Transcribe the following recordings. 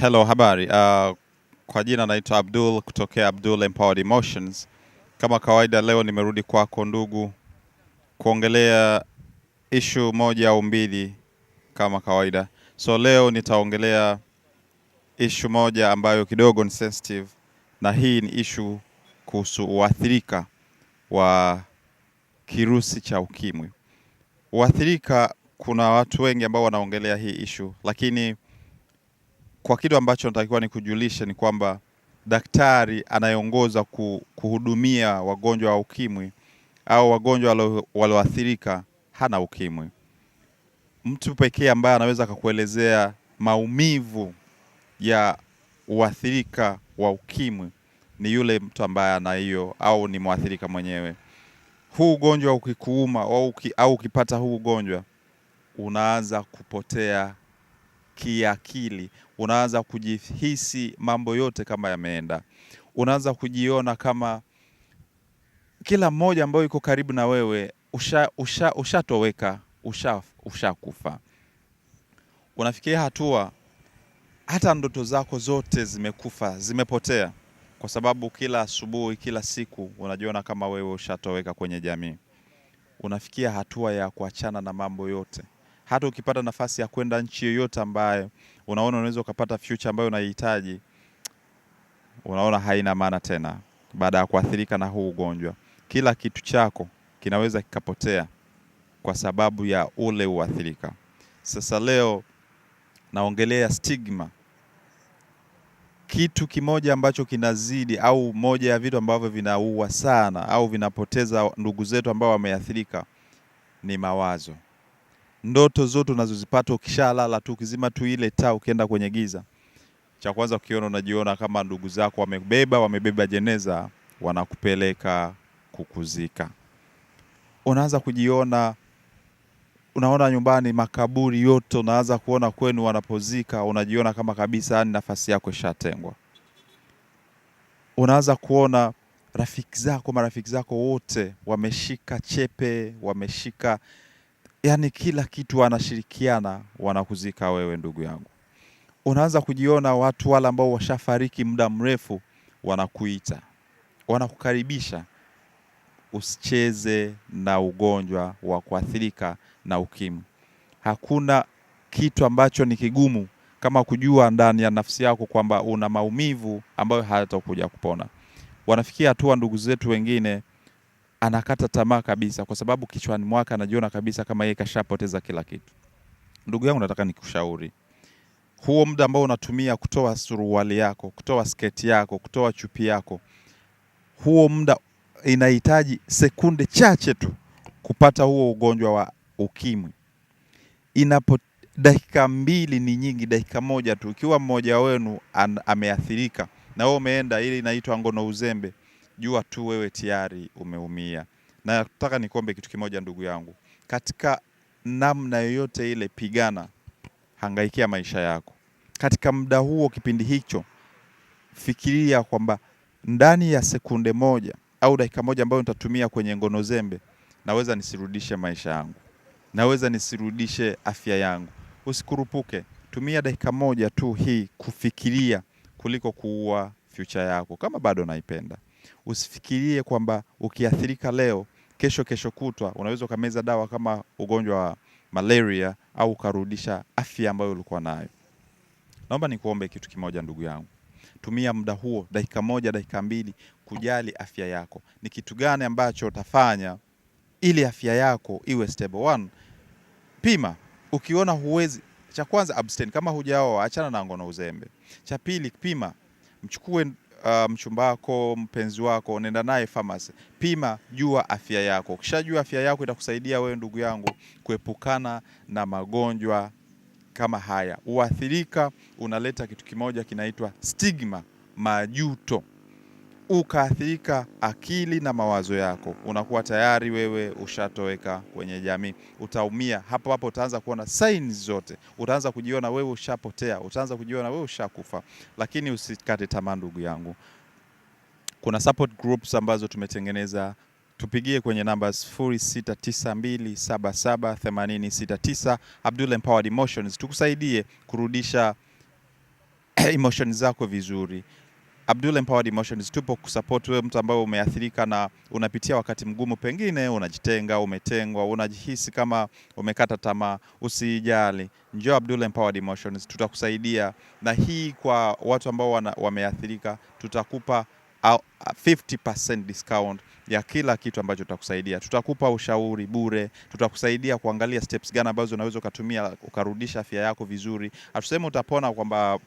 Hello, habari. Uh, kwa jina naitwa Abdul kutokea Abdul Empowered Emotions. Kama kawaida, leo nimerudi kwako ndugu, kuongelea ishu moja au mbili kama kawaida. So leo nitaongelea ishu moja ambayo kidogo ni sensitive, na hii ni ishu kuhusu uathirika wa kirusi cha ukimwi. Uathirika, kuna watu wengi ambao wanaongelea hii ishu, lakini kwa kitu ambacho natakiwa ni kujulisha ni kwamba daktari anayeongoza kuhudumia wagonjwa wa ukimwi au wagonjwa walioathirika hana ukimwi. Mtu pekee ambaye anaweza akakuelezea maumivu ya uathirika wa ukimwi ni yule mtu ambaye ana hiyo au ni mwathirika mwenyewe. Huu ugonjwa ukikuuma au, uki, au ukipata huu ugonjwa unaanza kupotea kiakili unaanza kujihisi mambo yote kama yameenda, unaanza kujiona kama kila mmoja ambayo yuko karibu na wewe ushatoweka, usha ushakufa, usha unafikia hatua hata ndoto zako zote zimekufa, zimepotea, kwa sababu kila asubuhi, kila siku unajiona kama wewe ushatoweka kwenye jamii. Unafikia hatua ya kuachana na mambo yote hata ukipata nafasi ya kwenda nchi yoyote ambayo unaona unaweza ukapata future ambayo unaihitaji, unaona haina maana tena baada ya kuathirika na huu ugonjwa. Kila kitu chako kinaweza kikapotea kwa sababu ya ule uathirika. Sasa leo naongelea stigma, kitu kimoja ambacho kinazidi au moja ya vitu ambavyo vinaua sana au vinapoteza ndugu zetu ambao wameathirika ni mawazo ndoto zote unazozipata ukishalala tu, ukizima tu ile taa, ukienda kwenye giza, cha kwanza ukiona, unajiona kama ndugu zako wamebeba, wamebeba jeneza, wanakupeleka kukuzika. Unaanza kujiona, unaona nyumbani makaburi yote, unaanza kuona kwenu wanapozika, unajiona kama kabisa yani nafasi yako ishatengwa. Unaanza kuona rafiki zako, marafiki zako wote wameshika chepe, wameshika yani kila kitu wanashirikiana, wanakuzika wewe ndugu yangu. Unaanza kujiona watu wale ambao washafariki muda mrefu wanakuita, wanakukaribisha. Usicheze na ugonjwa wa kuathirika na UKIMWI. Hakuna kitu ambacho ni kigumu kama kujua ndani ya nafsi yako kwamba una maumivu ambayo hayatakuja kupona. Wanafikia hatua ndugu zetu wengine anakata tamaa kabisa, kwa sababu kichwani mwake anajiona kabisa kama yeye kashapoteza kila kitu. Ndugu yangu, nataka nikushauri huo muda ambao unatumia kutoa suruali yako, kutoa sketi yako, kutoa chupi yako, huo muda inahitaji sekunde chache tu kupata huo ugonjwa wa ukimwi. Inapo dakika mbili ni nyingi, dakika moja tu, ikiwa mmoja wenu ameathirika na wewe umeenda, ile inaitwa ngono uzembe jua tu wewe tayari umeumia. Na nataka nikuombe kitu kimoja, ndugu yangu, katika namna yoyote ile, pigana, hangaikia maisha yako katika muda huo, kipindi hicho. Fikiria kwamba ndani ya sekunde moja au dakika moja ambayo nitatumia kwenye ngono zembe, naweza nisirudishe maisha yangu, naweza nisirudishe afya yangu. Usikurupuke, tumia dakika moja tu hii kufikiria kuliko kuua future yako, kama bado naipenda usifikirie kwamba ukiathirika leo, kesho kesho kutwa unaweza ukameza dawa kama ugonjwa wa malaria au ukarudisha afya ambayo ulikuwa nayo. Naomba nikuombe kitu kimoja, ndugu yangu. Tumia muda huo, dakika moja, dakika mbili, kujali afya yako. Ni kitu gani ambacho utafanya ili afya yako iwe stable? One, pima. Ukiona huwezi, cha kwanza abstain. Kama hujaoa achana na ngono uzembe. Cha pili, pima, mchukue uh, mchumba wako, mpenzi wako, nenda naye pharmacy, pima, jua afya yako. Ukishajua afya yako itakusaidia wewe ndugu yangu kuepukana na magonjwa kama haya. Uathirika unaleta kitu kimoja kinaitwa stigma, majuto ukaathirika akili na mawazo yako, unakuwa tayari wewe ushatoweka kwenye jamii. Utaumia hapo hapo, utaanza kuona signs zote, utaanza kujiona wewe ushapotea, utaanza kujiona wewe ushakufa. Lakini usikate tamaa, ndugu yangu, kuna support groups ambazo tumetengeneza tupigie kwenye namba 0692778969 Abdul Empowered Emotions, tukusaidie kurudisha emotions zako vizuri. Abdul Empowered Emotions, tupo kusupport wewe mtu ambaye umeathirika na unapitia wakati mgumu, pengine unajitenga, umetengwa, unajihisi kama umekata tamaa. Usijali, njoo Abdul Empowered Emotions, tutakusaidia na hii kwa watu ambao wameathirika, tutakupa 50% discount ya kila kitu ambacho tutakusaidia. Tutakupa ushauri bure, tutakusaidia kuangalia steps gani ambazo unaweza ukatumia ukarudisha afya yako vizuri. Hatusemi utapona kwamba uh,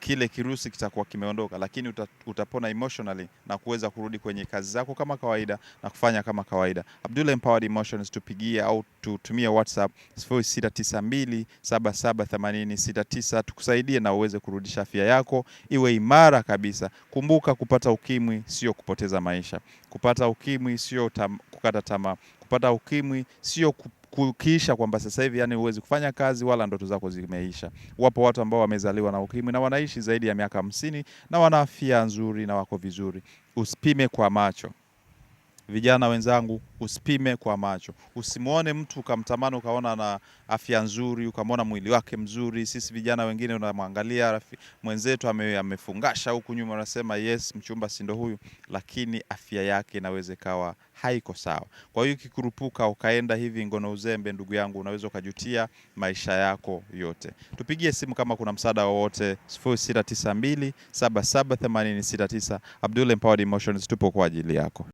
kile kirusi kitakuwa kimeondoka, lakini utapona emotionally na kuweza kurudi kwenye kazi zako kama kawaida na kufanya kama kawaida. Abdul Empowered Emotions, tupigie au tutumie WhatsApp 0692778069 tukusaidie na uweze kurudisha afya yako iwe imara kabisa. Kumbuka kupata ukimwi sio kupoteza maisha. Kupata ukimwi sio tam, kukata tamaa. Kupata ukimwi sio kukiisha kwamba sasa hivi yani huwezi kufanya kazi wala ndoto zako zimeisha. Wapo watu ambao wamezaliwa na ukimwi na wanaishi zaidi ya miaka hamsini na wana afya nzuri na wako vizuri. Usipime kwa macho. Vijana wenzangu, usipime kwa macho, usimwone mtu ukamtamani ukaona na afya nzuri ukamwona mwili wake mzuri. Sisi vijana wengine unamwangalia mwenzetu ame, amefungasha huku nyuma, unasema yes, mchumba sindo huyu, lakini afya yake inaweza kawa haiko sawa. Kwa hiyo kikurupuka ukaenda hivi ngono uzembe, ndugu yangu, unaweza ukajutia maisha yako yote. Tupigie simu kama kuna msaada wowote 0692 7789. Abdul Empowered Emotions, tupo kwa ajili yako.